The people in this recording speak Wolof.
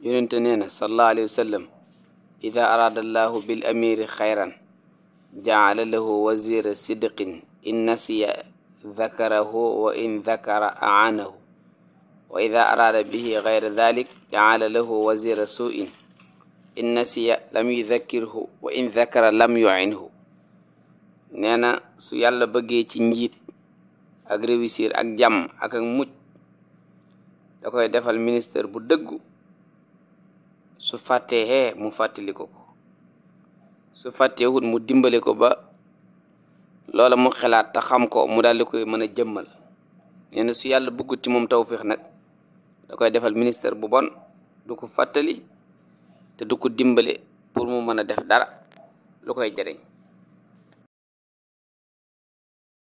يونت نينا صلى الله عليه وسلم إذا أراد الله بالأمير خيرا جعل له وزير صدق إن نسي ذكره وإن ذكر أعانه وإذا أراد به غير ذلك جعل له وزير سوء إن نسي لم يذكره وإن ذكر لم يعنه نينا سو يالا بغي تي نجيت اك ريويسير اك جام اك موج داكاي ديفال مينستر بو دغ su fàttee xee mu fàttali ko ko su fàttee wut mu dimbale ko ba loola mu xalaat te xam ko mu daal di koy mën a jëmmal nee na su yàlla bëggut ci moom tawféex nag da koy defal ministère bu bon du ko fàttali te du ko dimbale pour mu mën a def dara lu koy jariñ